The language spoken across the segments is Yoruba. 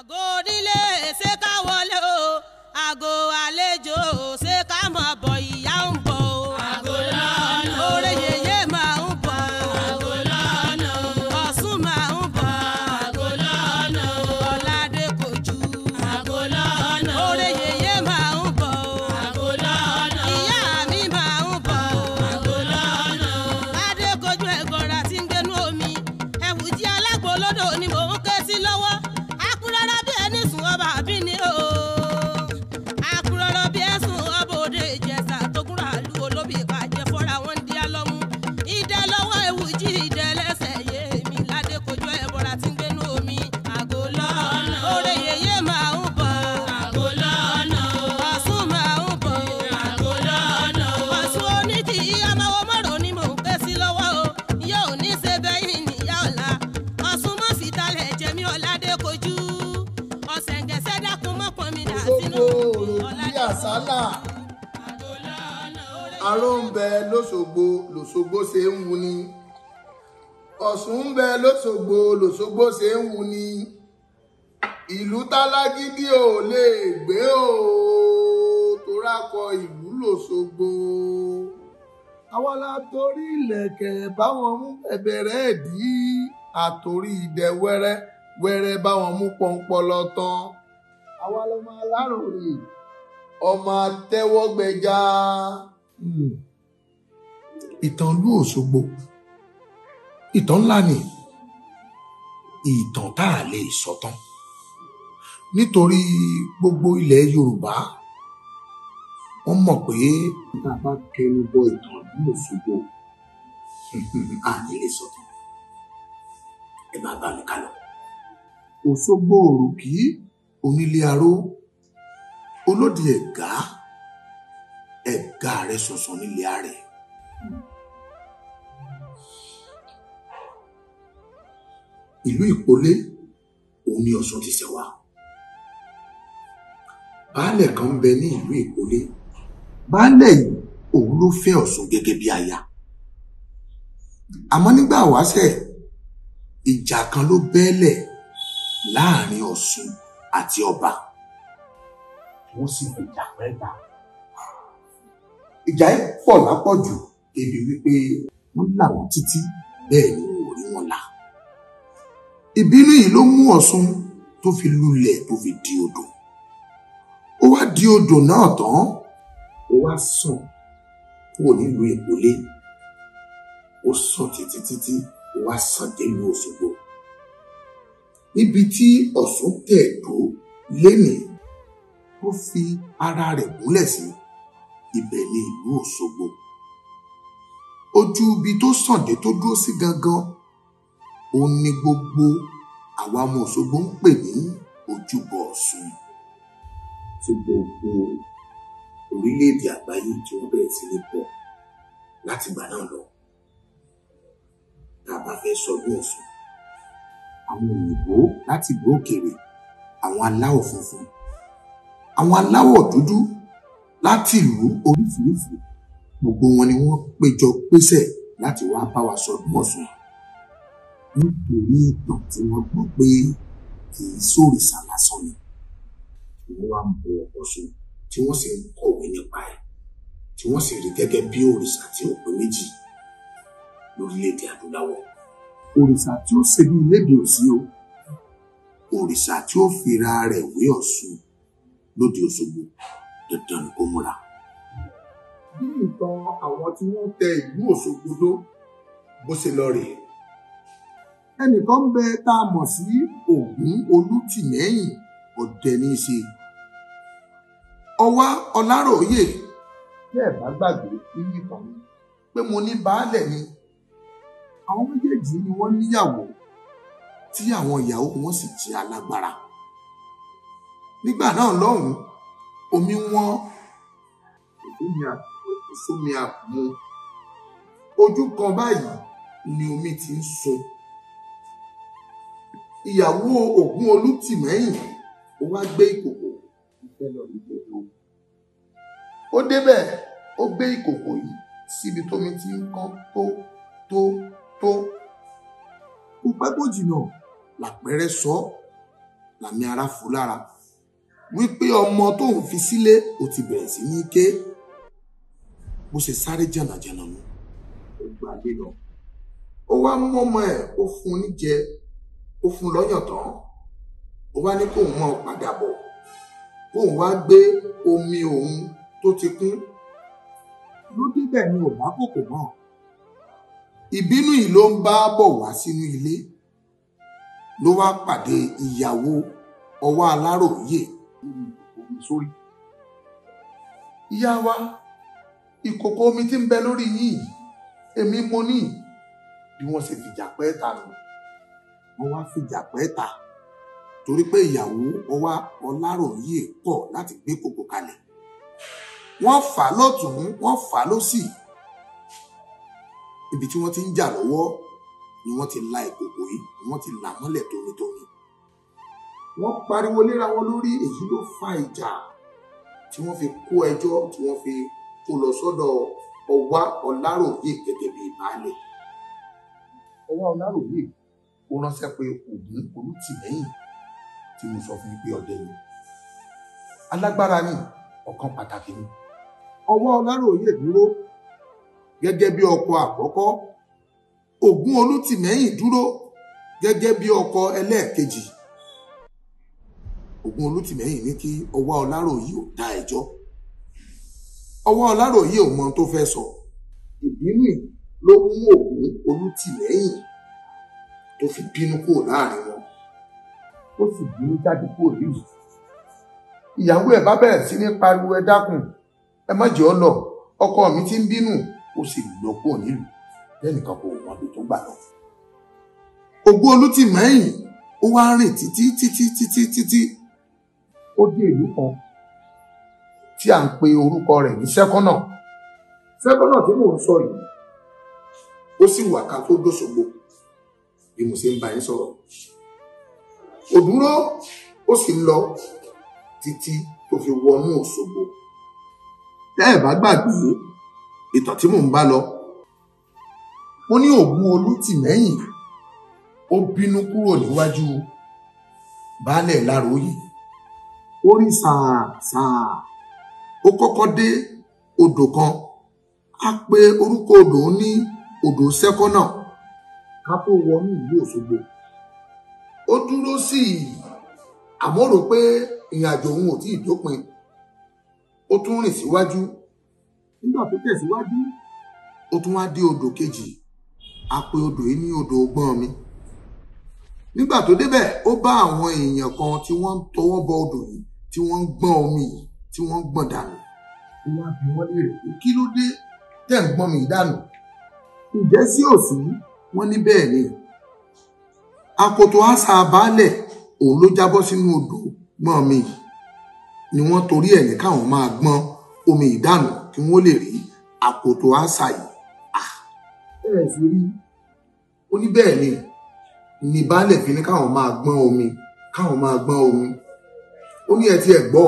àgọ́ onílé ṣé ká wọlé o àgọ́ àlejò ṣé ká máa bọ̀. lòṣogbo ṣe ń wu ni ọ̀ṣun ń bẹ lọ́ṣogbo lòṣogbo ṣe ń wu ni ìlú tálágídí ò lè gbé o tó rákọ ìlú lòṣogbo àwa la torí ìlẹ̀kẹ̀ báwọn mú ẹ̀bẹ̀rẹ̀ dí àtòrí ìdẹ wẹ́rẹ́ wẹ́rẹ́ báwọn mú pọ́npọ́lọ́ tán àwa lọmọ aláròyìn ọmọ atẹ́wọ́gbẹja. Mm ìtàn ìlú Òṣogbo ìtàn ńlá ni ìtàn tá a lè sọ tán nítorí gbogbo ilẹ̀ Yorùbá wọ́n mọ̀ pé tá a bá kẹnu bọ ìtàn ìlú Òṣogbo a ní lè sọ tán ẹ máa bá mi kálọ. Òṣogbo òrùkí onílé aró olódì ẹ̀gá ẹ̀gá rẹ̀ sọ̀sọ̀ nílé arẹ̀. ìlú ìpolé òun ni Ọ̀ṣun ti ṣẹ̀ wá baálẹ̀ kan bẹ ní ìlú ìpolé baálẹ̀ òun ló fẹ́ Ọ̀ṣun gẹ́gẹ́ bí aya àmọ́ nígbà wáṣẹ̀ ìjà kan ló bẹ́lẹ̀ láàrin Ọ̀ṣun àti ọba wọ́n sì fi ìjà pẹ́ ta ìjà yìí pọ̀ lápọ̀jù débi wípé wọ́n là títí bẹ́ẹ̀ ni wọn rí wọn là ìbínú yìí ló mú Ọ̀ṣun tó fi lulẹ̀ tó fi di odò ó wá di odò náà tán ó wá sàn kúrò nílùú ìpolé ó sàn títí títí ó wá sàn délùú Òṣogbo níbi tí Ọ̀ṣun tẹ̀dó lénìí tó fi ara rẹ̀ gúnlẹ̀ sí ibẹ̀ ni ìlú Òṣogbo ojú ibi tó sàn dé tó dúró sí gangan òun ni gbogbo àwa ọmọ Òṣogbo ń pè ní ojúbọ Ọ̀ṣun tí gbogbo orílẹ̀-èdè àgbáyé tí wọ́n bẹ̀rẹ̀ sí ní bọ̀ láti ìgbà náà lọ tá a bá fẹ́ sọdún Ọ̀ṣun àwọn òyìnbó láti ìlú òkèèrè àwọn aláwọ̀ funfun àwọn aláwọ̀ dúdú láti ìlú oríṣiríṣi gbogbo wọn ni wọ́n péjọ pésẹ̀ láti wá bá wa sọdún Ọ̀ṣun nítorí ìtàn tí wọ́n gbọ́ pé kì í lásán ni. wọ́n wá ń bọ Ọ̀ṣun tí wọ́n sì ń kọ̀wé nípa ẹ̀ tí wọ́n sì rí gẹ́gẹ́ bí òrìṣà tí ò pé méjì lórílẹ̀‐èdè adúláwọ̀. òrìṣà tí ó ṣe bí lébi òsì o òrìṣà tí ó fira rẹ̀ wé Ọ̀ṣun lóde Òṣogbo dandan ni kó múra. bí ìtàn àwọn tí wọ́n tẹ ìlú Òṣogbo ló bó ṣe lọ rèé ẹnìkan bẹ tá a mọ̀ sí Ògún Olútìmẹ́yìn ọ̀dẹ ní í ṣe ọwá Ọláròyè tẹ́ ẹ̀ bá gbàgbé nínú ìtàn mi pé mo ní baálẹ̀ ni àwọn méjèèjì ni wọ́n níyàwó tí àwọn ìyàwó wọn sì jẹ́ alágbára nígbà náà lọ́hùn-ún omi wọn ìfúnmi àpò ojú kan báyìí ni omi ti ń so ìyàwó ògún olùtìmẹ́yìn ó wá gbé ìkòkò ìfẹ́ lọ rí o ó débẹ̀ ó gbé ìkòkò yìí síbi tómi ti ń kán tó tó tó kò pẹ́ kò jìnnà làpẹ́rẹ́ sọ làmì ara fò lára wípé ọmọ tóun fi sílé ó ti bẹ̀rẹ̀ sí ní ké bó ṣe sáré jànàjànà nu ó gbà lọ ó wá mú ọmọ ẹ̀ ó fún un níjẹ ó fún lọ́yàn tán ó wá ní kóun máa padà bọ̀ kóun wá gbé omi òun tó ti kún ló débẹ̀ ni ò bá kòkò náà ìbínú yìí ló ń bá bọ̀ wá sínú ilé ló wá pàdé ìyàwó ọwọ́ aláròyé ìyá wa ìkòkò omi tí ń bẹ lórí yìí èmi mo ní bí wọ́n ṣe fìjà pẹ́ ta nù wọ́n wá fìjà pẹ́ ta torí pé ìyàwó ọwá ọláròyé kọ̀ láti gbé kókó kalẹ̀ wọ́n fà á lọ́tún wọ́n fà á lọ́sì ibi tí wọ́n ti ń jà lọ́wọ́ ni wọ́n ti la ìkòkò yìí ni wọ́n ti là mọ́lẹ̀ tónítóní wọ́n pariwo léra wọn lórí èyí ló fa ìjà tí wọ́n fi kó ẹjọ́ tí wọ́n fi kó lọ sọ́dọ̀ ọwá ọláròyé gẹ́gẹ́ bíi baálẹ̀ ọwá ọláròyé ó ránṣẹ́ pé Ògún Olùtìmẹ́yìn tí mo sọ fún yín pé ọdẹ ni alágbára ni ọ̀kan pàtàkì ni ọwọ́ Ọláròyè dúró gẹ́gẹ́ bí ọkọ àkọ́kọ́ Ògún Olùtìmẹ́yìn dúró gẹ́gẹ́ bí ọkọ ẹlẹ́ẹ̀kejì Ògún Olùtìmẹ́yìn ní kí ọwọ́ Ọláròyè ò dá ẹjọ́ ọwọ́ Ọláròyè ò mọ tó fẹ́ sọ ìbínú ló mú Ògún Olùtìmẹ́yìn tó fi bínú kúrò láàrin wọn ó sì bínú jáde kúrò nílùú ìyàwó ẹ̀ bá bẹ̀rẹ̀ sí ní pariwo ẹ dákun ẹ má jẹ́ ọ lọ ọkọ mi ti ń bínú ó sì lọ kúrò nílùú lẹ́nìkan kò wọ́n bí tó gbà lọ. ògùn olú ti mẹ́yìn ó wá ń rìn títí títí títí títí ó dé ìlú kan tí à ń pe orúkọ rẹ̀ ní sẹ́kọ́nà sẹ́kọ́nà tí mò ń sọ yìí ó sì wà ká tó dóṣogbo bí mo ṣe ń bá yín sọ̀rọ̀ ó dúró ó sì lọ títí tó fi wọnú Òṣogbo tẹ́ ẹ̀ bá gbàgbé ìtàn tí mò ń bá lọ mo ní ògún olùtìmẹ́yìn ó bínú kúrò níwájú baálẹ̀ Láróyè ó rí sàá sàá ó kọ́kọ́ dé odò kan a pe orúkọ odò ní odò sẹ́kọ́nà ká tó wọnú ìlú Òṣogbo ó dúró sí i àmọ́ rò pé ìrìn òun ò tí ì dópin ó tún rìn síwájú nígbà tó tẹ̀síwájú ó tún wá dé odò kejì a odò yìí ní odò ọgbọ́n mi nígbà tó débẹ̀ ó bá àwọn èèyàn kan tí wọ́n ń tọwọ́ bọ odò yìí tí wọ́n ń gbọ́n omi yìí tí wọ́n ń gbọ́n dànù ó wá bi wọ́n léèrè pé kí ló dé tẹ̀ ń gbọ́n mi dànù ǹjẹ́ òsì yìí wọ́n ní bẹ́ẹ̀ ni akoto àṣà baálẹ̀ òun ló jábọ́ sínú odò gbọ́n mi ni wọ́n torí ẹ̀ ní káwọn máa gbọ́n omi ìdànù kí wọ́n lè rí akoto àṣà yìí ẹ fi rí ó ní bẹ́ẹ̀ ni ni baálẹ̀ fi ní káwọn máa gbọ́n omi káwọn máa gbọ́n omi ó ní ẹ ti ẹ̀ gbọ́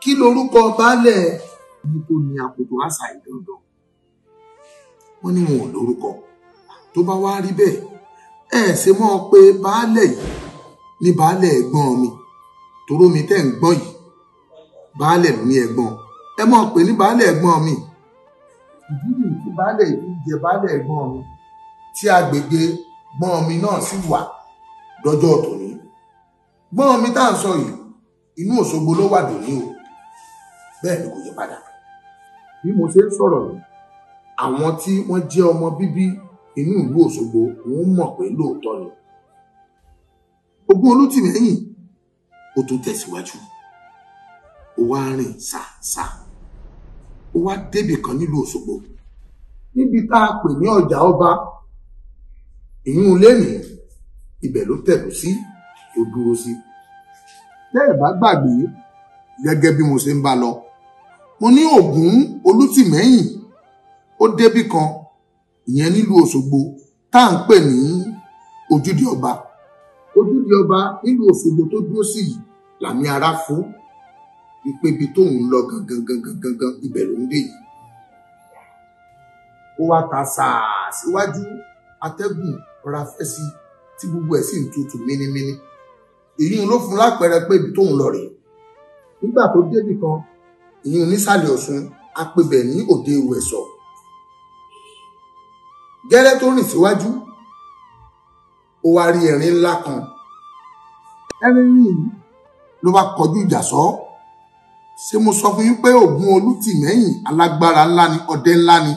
kí lorúkọ baálẹ̀ ní tó ní akoto àṣà yìí dandan wọ́n ní wọn ò lórúkọ tó bá wá rí bẹ́ẹ̀ ẹ ṣe mọ́ pé baálẹ̀ yìí ni baálẹ̀ ẹ̀gbọ́n mi toró mi tẹ́ ń gbọ́n yìí baálẹ̀ ní ẹ̀gbọ́n ẹ mọ́ pé ní baálẹ̀ ẹ̀gbọ́n mi ìdí nìyí tí baálẹ̀ yìí jẹ baálẹ̀ ẹ̀gbọ́n mi tí agbègbè gbọ́n mi náà sì wà lọ́jọ́ tòní gbọ́n mi tá à ń sọ yìí inú Òṣogbo ló wà dòní o bẹ́ẹ̀ ni kò yẹ padà bí mo ṣe ń sọ̀rọ̀ yìí àwọn tí wọ́n jẹ́ ọmọ bíbí inú ìlú Òṣogbo òun mọ̀ pé lóòótọ́ ni ogun olótìmẹ́yìn ó tún tẹ̀síwájú ó wá rìn ṣàṣà ó wá débì kan nílùú Òṣogbo níbi tá a pè ní ọjà ọba ìyún lẹ́nìí ibẹ̀ ló tẹ̀lú sí tó dúró sí tẹ́ ẹ̀ bá gbàgbé gẹ́gẹ́ bí mo ṣe ń bá lọ mo ní Ògún Olútìmẹ́yìn ó débì kan ìyẹn nílùú Òṣogbo tá à ń pè ní ojúde ọba ojúde ọba nílùú Òṣogbo tó dúró sí yìí làmì ara fún wípé ibi tóun lọ gangan gangan gangan ibẹ̀ ló ń dé yìí ó wá ta sàá síwájú atẹ́gùn ọ̀rá fẹ́ sí tí gbogbo ẹ̀ sì ń tutù mínímíní èyí ló fún lápẹẹrẹ pé ibi tóun lọ rè nígbà tó débì kan ìyún nísàlẹ̀ Ọ̀ṣun apẹbẹ̀ ní òde ìwẹ̀sọ̀ gẹ́rẹ́ tó rìn síwájú ó wá rí erin ńlá kan erin yìí ló bá kọjú ìjà sọ ṣé mo sọ fún yín pé ògún olùtìmẹ́yìn alágbára ńlá ni ọdẹ ńlá ni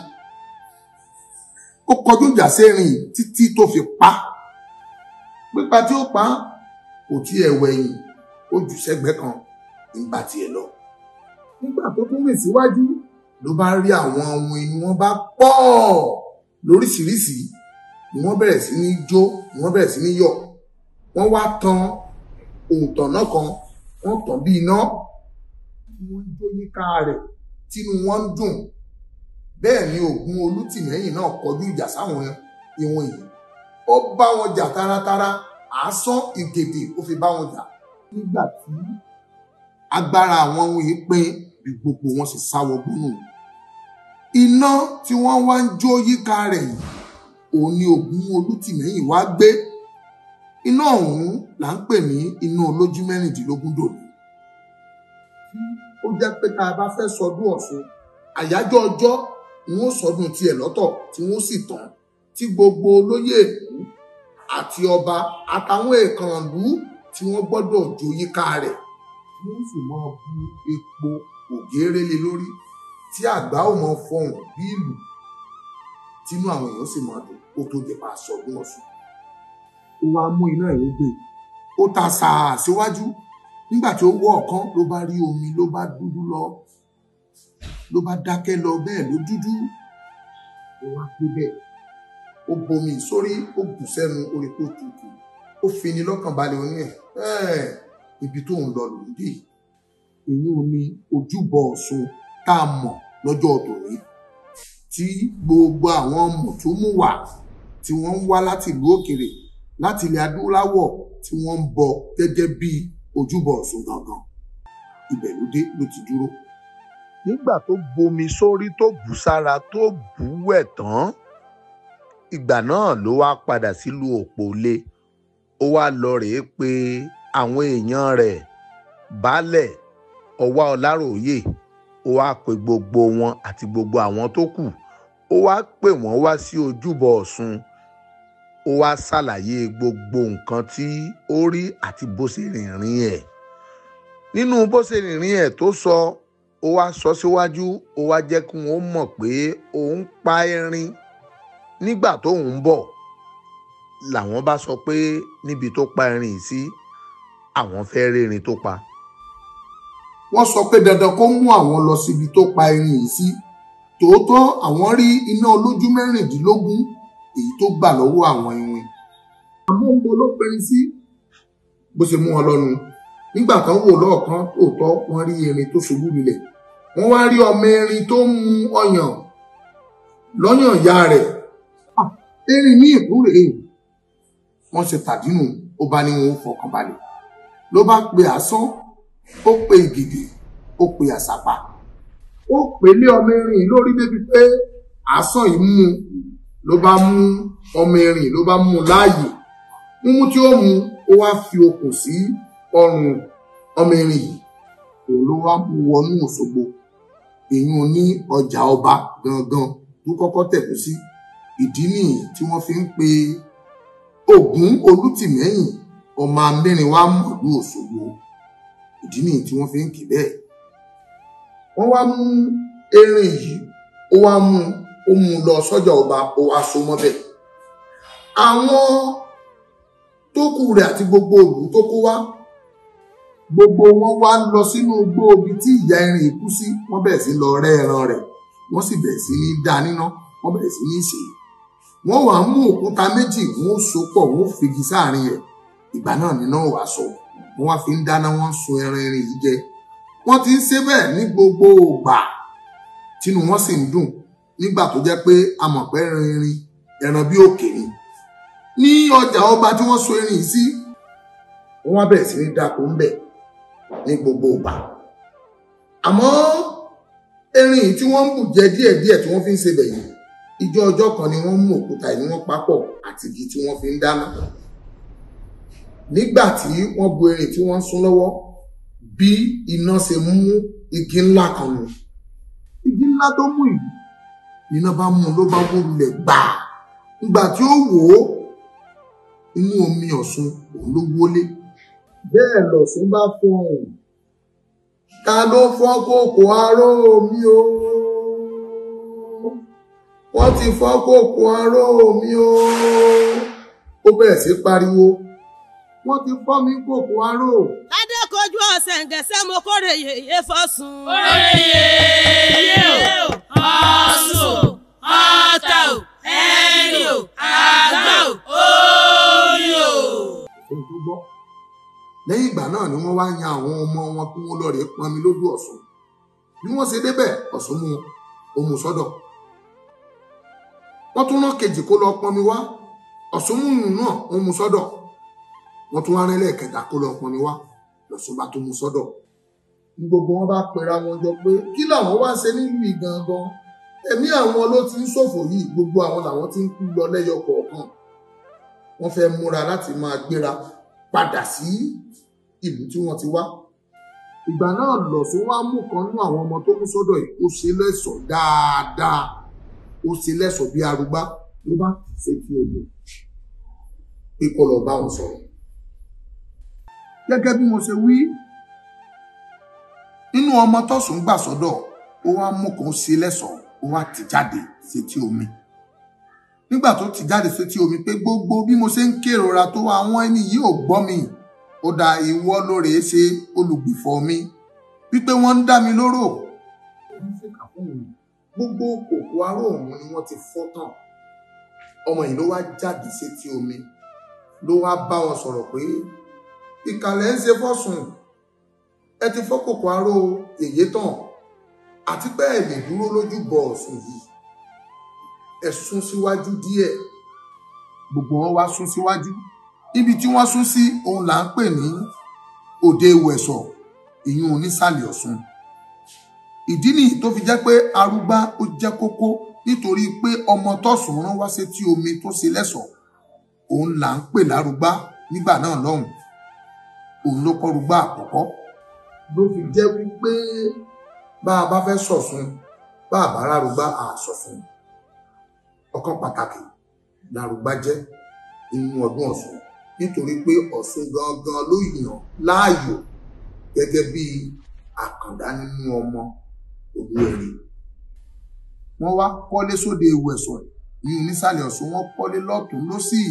ó kọjú ìjà sérin títí tó fi pa pípa tí ó pa kò tí ẹ wẹ̀yìn ó jù sẹ́gbẹ́ kan nígbà tí ẹ lọ nígbà tó tún rìn síwájú ló bá rí àwọn ohun inú wọn bá pọ̀ lóríṣìíríṣìí ni wọ́n bẹ̀rẹ̀ sí ní jó ni wọ́n bẹ̀rẹ̀ sí ní yọ̀ wọ́n wá tan òǹtọ̀nà kan wọ́n tàn bí iná wọ́n jó yíká rẹ̀ tínú wọn ń dùn bẹ́ẹ̀ ni ògún olùtìmẹ́yìn náà kọjú ìjà sáwọn ìwọ̀n yìí ó bá wọn jà taratara àásán ìgèdè ó fi bá wọn jà nígbà tí agbára àwọn ohun yìí pín bí gbogbo wọn sì sá wọgbó nù iná tí wọ́n wá ń jó yíká rẹ̀ yìí òun ni ògún olùtìmẹ́yìn wá gbé iná ọ̀hún là ń pè ní iná olójú mẹ́rìndínlógún dòní. ó jẹ́ pé tá a bá fẹ́ sọdún ọ̀ṣun àyájọ́ ọjọ́ ni wọ́n sọdún tiẹ̀ lọ́tọ̀ tí wọ́n sì tàn tí gbogbo olóyè èkó àti ọba àtàwọn èkànlú tí wọ́n gbọ́dọ̀ jó yíká rẹ̀ wọ́n sì máa bu epo ògèrè lé lórí tí àgbà ò mọ fọhùn bí ìlú tínú àwọn èèyàn sì máa dùn ó tó jẹ máa sọ ọdún ọ̀sùn ó wá mú iná ẹ̀rọ gbé ó ta sàá síwájú nígbà tí ó wọ́ ọ̀kan ló bá rí omi ló bá dúdú lọ ló bá dákẹ́ lọ bẹ́ẹ̀ ló dúdú ó wá gbé bẹ́ẹ̀ ó bomi sórí ó bù sẹ́nu orí kó tutù ó fini lọ́kàn balẹ̀ oní ẹ̀ ibi tó ń lọ lòún èyí ò ní ojúbọ Ọ̀ṣun tá a mọ̀ lọ́jọ́ tòní tí gbogbo àwọn mọ̀tòmùwà tí wọ́n ń wá láti ìlú òkèrè láti ilẹ̀ adúláwọ̀ tí wọ́n ń bọ gẹ́gẹ́ bí ojúbọ Ọ̀ṣun gangan ibẹ̀ ló dé ló ti dúró. nígbà tó bomi sórí tó bù sára tó bù wẹ̀ tán ìgbà náà ló wá padà sílùú òpólé ó wá lọ rèé pé àwọn èèyàn rẹ̀ baálẹ̀ ọwá ọláròyè ó wá pe gbogbo wọn àti gbogbo àwọn tó kù ó wá pè wọ́n wá sí ojúbọ Ọ̀ṣun ó wá ṣàlàyé gbogbo nǹkan tí ó rí àti bó ṣe rìnrìn ẹ̀ nínú bó ṣe rìnrìn ẹ̀ tó sọ ó wá sọ síwájú ó wá jẹ́ kí wọ́n mọ̀ pé òun pa erin nígbà tóun ń bọ̀ làwọn bá sọ pé níbi tó pa erin yìí sí àwọn fẹ́ rí erin tó pa wọ́n sọ pé dandan kó mú àwọn lọ síbi tó pa irin yìí sí tòótọ́ àwọn rí iná olójú mẹ́rìndínlógún èyí tó gbà lọ́wọ́ àwọn iwin àmọ́ ń bo ló pẹrin sí bó ṣe mú wọn lọ́nu nígbà kan wò lọ́ọ̀kan òótọ́ wọ́n rí irin tó ṣubú lulẹ̀ wọ́n wá rí ọmọ irin tó ń mu ọyàn lọ́yàn ìyá rẹ̀ erin ní ìkúrè wọ́n ṣe tàdínù ó bá ní wọn fọkànbalẹ̀ ló bá pe àásán ó pe ìgìdì ó pe àsàpà ó pè lé ọmọ erin lórí débi pé àásọ yìí mú ló bá mú ọmọ erin ló bá mú láàyè mímú tí ó mú ó wá fi okùn sí ọrùn ọmọ erin yìí òun ló wá mú wọnú Òṣogbo èyún ní ọjà ọba gangan tó kọ́kọ́ tẹ̀kú sí ìdí nìyí tí wọ́n fi ń pe Ògún Olùtìmẹ́yìn ọmọ amẹ́rin wá mọ̀lú Òṣogbo ìdí nìyí tí wọ́n fi ń kì bẹ́ẹ̀ wọ́n wá mú erin yìí ó wá mú ó mú lọ sọ́jà ọba ó wá so mọ́ bẹ́ẹ̀ àwọn tó kù rẹ̀ àti gbogbo òlù tó kó wá gbogbo wọn wá lọ sínú igbó ibi tí ìyá erin yìí kú sí wọ́n bẹ̀rẹ̀ sí lọ rẹ́ ẹran rẹ̀ wọ́n sì bẹ̀rẹ̀ sí ní dá níná wọ́n bẹ̀rẹ̀ sí ní ṣe wọ́n wàá mú òkúta méjì wọ́n so pọ̀ wọ́n figi sáàrin ẹ̀ ìgbà náà níná wàá sọ̀rọ̀ wọ́n fi ń dáná wọ́n sun ẹran erin yìí jẹ wọ́n ti ń ṣe bẹ́ẹ̀ ní gbogbo ògbà tínú wọn sì ń dùn nígbà tó jẹ́ pé amọ̀pẹ́ ẹran erin ẹran bí òkè ni ní ọjà ọba tí wọ́n sun erin yìí sí wọ́n wá bẹ̀rẹ̀ sí ní dako ń bẹ̀ ní gbogbo ògbà àmọ́ erin yìí tí wọ́n ń bù jẹ díẹ̀díẹ̀ tí wọ́n fi ń ṣe bẹ̀ yìí ìjọ ọjọ́ kan ni wọ́n mú òkúta yìí wọ́n papọ̀ àti igi tí wọ́n fi ń dáná nígbà tí wọ́n bu erin tí wọ́n ń sún lọ́wọ́ bí iná ṣe mú igi ńlá kan lọ igi ńlá tó mú yìí iná bá mú ló bá wó lulẹ̀ gbàá ìgbà tí ó wò ó inú omi ọ̀sùn òun ló wọlé bẹ́ẹ̀ lọ̀sùn bá fọhùn ta ló fọ́ kòkò aró mi o wọ́n ti fọ́ kòkò aró mi o ó bẹ̀rẹ̀ sí pariwo wọ́n ti fọ́ mi kòkó aró. ládé kojú ọ̀sẹ̀ ǹgẹ̀sẹ̀ mo kórè yèyé fọ́sùn. kórè yèyé o ọ̀sùn ọ̀tà o ẹ̀rì o àgbà o orí o. ojú gbọ́ lẹ́yìn ìgbà náà ni wọ́n wá yan àwọn ọmọ wọn kí wọ́n lọ rèé pọnmi lójú Ọ̀ṣun bí wọ́n ṣe débẹ̀ Ọ̀ṣun mú òmù sọ́dọ̀ wọ́n tún rán kejì kó lọ pọnmi wá Ọ̀ṣun mú nù náà òmù sọ́dọ̀ wọ́n tún wá rán ẹlẹ́ẹ̀kẹta kó lọ ọkùnrin wá lọ́sùn bá tó mú sọ́dọ̀ ní gbogbo wọn bá pera wọn jọ pé kí làwọn wá ṣe nílùú ìgangan ẹ̀mí àwọn ló ti ń ṣòfò yìí gbogbo àwọn làwọn ti ń kú lọ lẹ́yọ kọ̀ọ̀kan wọ́n fẹ́ múra láti máa gbéra padà sí ìlú tí wọ́n ti wá ìgbà náà lọ́sùn wá mú kan nú àwọn ọmọ tó kú sọ́dọ̀ yìí ó ṣe lẹ́ṣọ̀ọ́ dáadáa ó ṣe lẹ́ṣọ̀ọ́ bí arúgbá ló bá ṣe fi odò pé kó lọ bá wọn sọ̀rọ̀ gẹ́gẹ́ bí mo ṣe wí nínú ọmọ tọ́sùn gbà sọ́dọ̀ ó wá mú kan ṣe lẹ́sọ̀ọ́ ó wá ti jáde sétí omi nígbà tó ti jáde sétí omi pé gbogbo bí mo ṣe ń kérora tó àwọn ẹni yìí ò gbọ́ mi ó da ìwọ lóore ṣe olùgbìfọ̀ mi wípé wọ́n ń dá mi lóró gbogbo kòkó aró òun ni wọ́n ti fọ́ tán ọmọ yìí ló wá jáde sétí omi ló wá bá wọn sọ̀rọ̀ pé ìkàlẹ̀ ń ṣe fọ́sùn ẹ ti fọ́kòkò aró èyí tàn àti pé ẹ lè dúró lójú bọ ọ̀sùn yìí ẹ sún síwájú díẹ̀ gbogbo wọn wá sún síwájú ibi tí wọ́n sún sí òun là ń pè ní òde ìwẹ̀sọ̀ ìyún onísàlẹ̀ ọ̀sùn ìdí nìyí tó fi jẹ́ pé arúgbá ó jẹ́ kókó nítorí pé ọmọ tọ̀sùn rán wá sétí omi tó ṣe lẹ́sọ̀ òun là ń pè lárúgbá nígbà náà lọ́hùn-ún òun ló kọ́ rúgbà àkọ́kọ́ ló fi jẹ́ wípé bá a bá fẹ́ sọ̀sùn bá a bá rárúgbà àsọ̀sùn ọ̀kan pàtàkì lárúgbà jẹ́ inú ọdún ọ̀sùn nítorí pé ọ̀sùn gangan ló yàn láàyò gẹ́gẹ́ bí àkàndá nínú ọmọ òwú ẹ̀rí wọ́n wá kọ́lé sóde ìwẹ̀sọ̀ ní nísàlẹ̀ ọ̀sùn wọ́n kọ́lé lọ́tún lọ́sì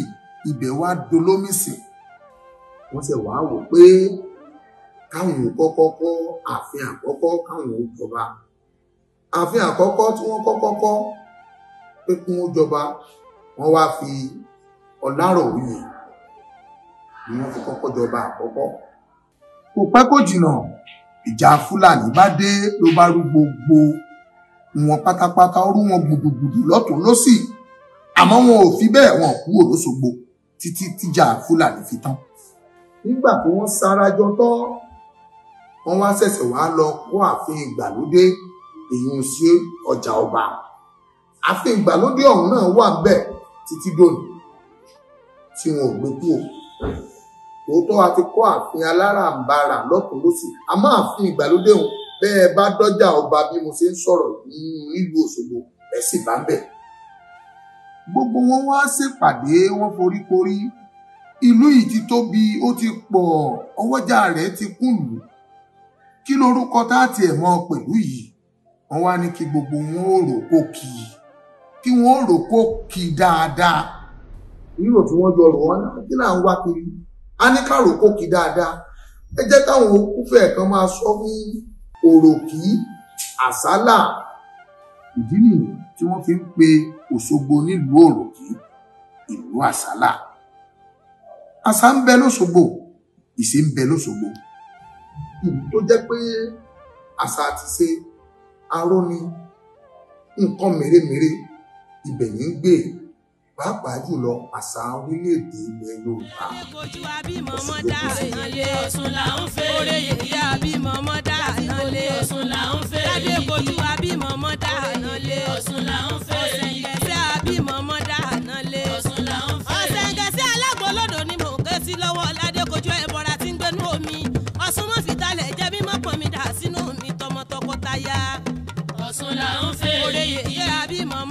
ibẹ̀ wá dolómìsìn wọ́n ṣe wàá wò pé káwọn kọ́kọ́ kọ́ ààfin àkọ́kọ́ káwọn ó jọba ààfin àkọ́kọ́ tí wọ́n kọ́kọ́ kọ́ pé kí wọ́n jọba wọ́n wá fi ọ̀làrọ̀wìyì ni wọ́n fi kọ́kọ́ jọba àkọ́kọ́. kò pẹ́ kò jìnnà ìjà fúlàní bá dé ló bá rú gbogbo wọn pátápátá ó rú wọn gbùdùgbùdù lọ́tún lọ́sì àmọ́ wọn ò fi bẹ́ẹ̀ wọn kú òlóṣogbo títí tíjà fúlàní fi tán nígbà tí wọ́n sarajọ tọ́ wọ́n wá ṣẹ̀ṣẹ̀ wá lọ kó ààfin ìgbàlódé èyí sí ọjà ọba ààfin ìgbàlódé ọ̀hún náà wà bẹ́ẹ̀ títí dòní tí wọn ò gbé kúrò òótọ́ a ti kọ́ ààfin alárànbarà lọ́tún lósì àmọ́ ààfin ìgbàlódé ọ̀hún bẹ́ẹ̀ bá dọ́jà ọba bí mo ṣe ń sọ̀rọ̀ nínú nílùú Òṣogbo ẹ̀ sì bá ń bẹ̀ gbogbo wọn wá ṣèpàdé wọn foríkorí ìlú yìí ti tóbi ó ti pọ̀ ọwọ́jà rẹ̀ ti kúlù kí lorúkọ tá a tiẹ̀ mọ̀ pẹ̀lú yìí wọ́n wá ní kí gbogbo wọn ó rò kó kì í kí wọ́n ó rò kó kì í dáadáa rírò tí wọ́n jọ rò wọ́n náà kí náà wá kiri a ní ká rò kó kì í dáadáa ẹ jẹ́ káwọn òkúfẹ́ kan máa sọ ní òròkì àsálà ìdí nìyí tí wọ́n fi ń pe Òṣogbo nílùú òròkì ìlú àsálà. Asa ń bẹ lóṣogbo ìṣe ń bẹ lóṣogbo ìlú tó jẹ́ pé àṣà àti ṣe aró ni nǹkan mèremère ibẹ̀ ní ń gbé pàápàá jùlọ àṣà orílẹ̀-èdè Yorùbá. ojú abímọ mọ dá èèyàn lé Ọ̀ṣun là fẹ́. oore ìyá abímọ mọ dá èèyàn lé Ọ̀ṣun là fẹ́. ládé kojú abímọ mọ dá èèyàn lé Ọ̀ṣun là fẹ́. ọ̀sẹ̀ yẹn. sí lọ́wọ́ ọ̀làdé kojú ẹ̀bọ̀ra tí ń gbénú omi ọ̀sùn mọ́ fìdálẹ̀ jẹ́ bí mọ́pọ̀ mi dà sínú omi tọmọ tọkọtaya. ọ̀sùn là ń yìí. òrèyè ìyá mọ̀mọ́.